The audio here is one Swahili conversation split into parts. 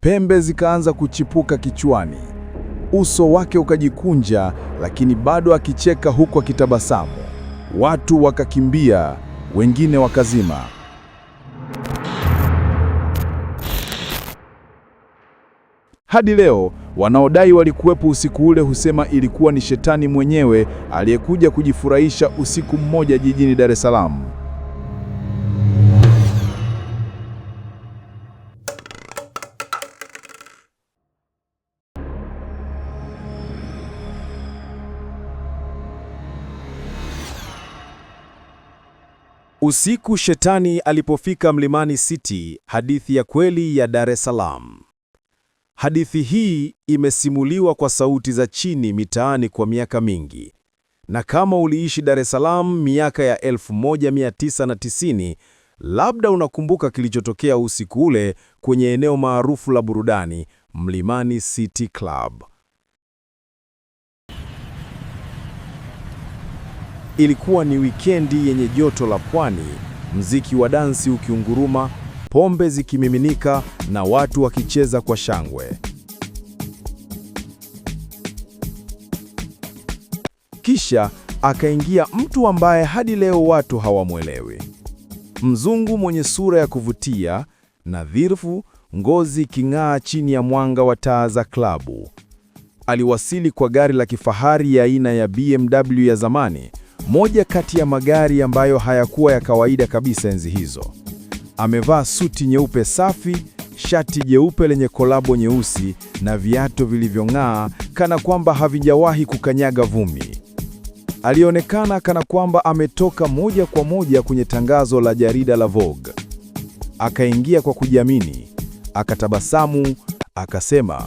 Pembe zikaanza kuchipuka kichwani, uso wake ukajikunja, lakini bado akicheka huku akitabasamu. Watu wakakimbia, wengine wakazima. Hadi leo wanaodai walikuwepo usiku ule husema ilikuwa ni shetani mwenyewe aliyekuja kujifurahisha usiku mmoja jijini Dar es Salaam. Usiku shetani alipofika Mlimani City, hadithi ya kweli ya Dar es Salaam. Hadithi hii imesimuliwa kwa sauti za chini mitaani kwa miaka mingi, na kama uliishi Dar es Salaam miaka ya 1990 labda unakumbuka kilichotokea usiku ule kwenye eneo maarufu la burudani Mlimani City Club. Ilikuwa ni wikendi yenye joto la pwani, mziki wa dansi ukiunguruma, pombe zikimiminika na watu wakicheza kwa shangwe. Kisha akaingia mtu ambaye hadi leo watu hawamwelewi, mzungu mwenye sura ya kuvutia nadhifu, ngozi iking'aa chini ya mwanga wa taa za klabu. Aliwasili kwa gari la kifahari ya aina ya BMW ya zamani moja kati ya magari ambayo hayakuwa ya kawaida kabisa enzi hizo. Amevaa suti nyeupe safi, shati jeupe lenye kolabo nyeusi na viatu vilivyong'aa kana kwamba havijawahi kukanyaga vumbi. Alionekana kana kwamba ametoka moja kwa moja kwenye tangazo la jarida la Vogue. Akaingia kwa kujiamini, akatabasamu, akasema,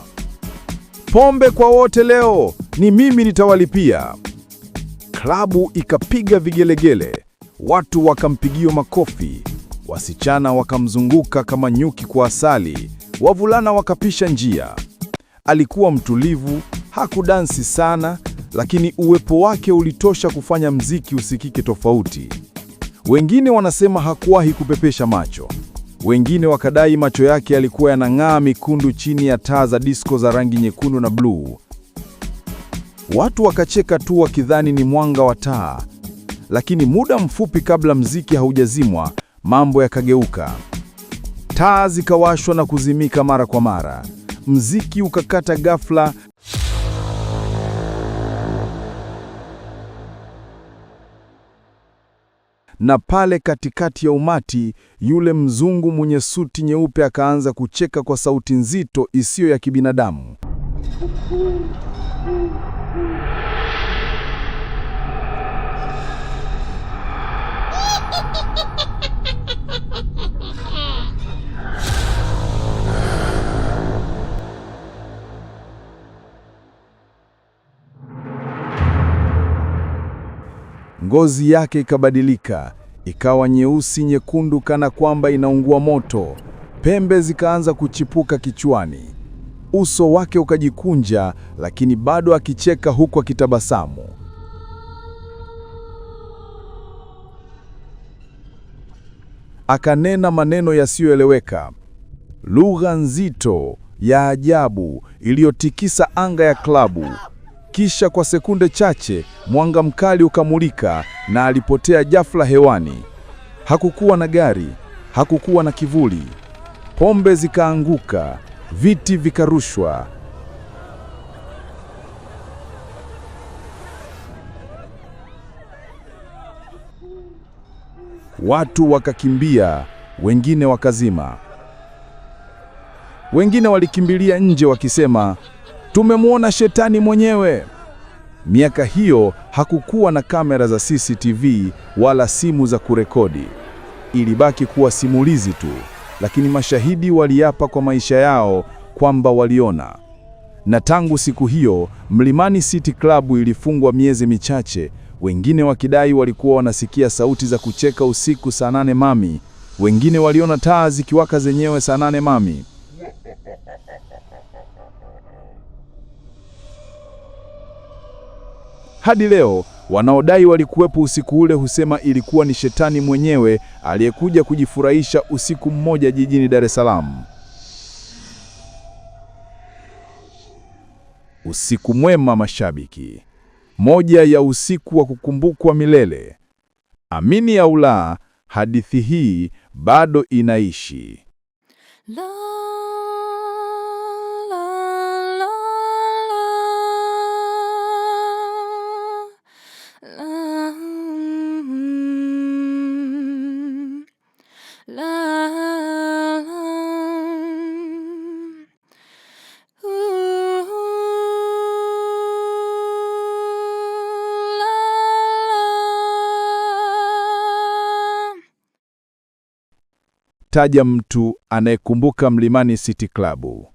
"Pombe kwa wote leo, ni mimi nitawalipia." Klabu ikapiga vigelegele, watu wakampigia makofi, wasichana wakamzunguka kama nyuki kwa asali, wavulana wakapisha njia. Alikuwa mtulivu, hakudansi sana, lakini uwepo wake ulitosha kufanya mziki usikike tofauti. Wengine wanasema hakuwahi kupepesha macho, wengine wakadai macho yake yalikuwa yanang'aa mikundu chini ya taa za disko za rangi nyekundu na bluu. Watu wakacheka tu wakidhani ni mwanga wa taa, lakini muda mfupi kabla mziki haujazimwa, mambo yakageuka. Taa zikawashwa na kuzimika mara kwa mara, mziki ukakata ghafla. Na pale katikati ya umati, yule mzungu mwenye suti nyeupe akaanza kucheka kwa sauti nzito isiyo ya kibinadamu. Ngozi yake ikabadilika, ikawa nyeusi nyekundu, kana kwamba inaungua moto. Pembe zikaanza kuchipuka kichwani. Uso wake ukajikunja, lakini bado akicheka huku akitabasamu. Akanena maneno yasiyoeleweka, lugha nzito ya ajabu iliyotikisa anga ya klabu. Kisha kwa sekunde chache mwanga mkali ukamulika na alipotea ghafla hewani. Hakukuwa na gari, hakukuwa na kivuli. Pombe zikaanguka, viti vikarushwa. Watu wakakimbia, wengine wakazima. Wengine walikimbilia nje wakisema Tumemwona shetani mwenyewe. Miaka hiyo hakukuwa na kamera za CCTV wala simu za kurekodi. Ilibaki kuwa simulizi tu, lakini mashahidi waliapa kwa maisha yao kwamba waliona. Na tangu siku hiyo, Mlimani City Club ilifungwa miezi michache, wengine wakidai walikuwa wanasikia sauti za kucheka usiku saa nane mami, wengine waliona taa zikiwaka zenyewe saa nane mami. Hadi leo wanaodai walikuwepo usiku ule husema ilikuwa ni shetani mwenyewe aliyekuja kujifurahisha usiku mmoja jijini Dar es Salaam. Usiku mwema mashabiki, moja ya usiku wa kukumbukwa milele. Amini au la, hadithi hii bado inaishi. la. Taja mtu anayekumbuka Mlimani City Club.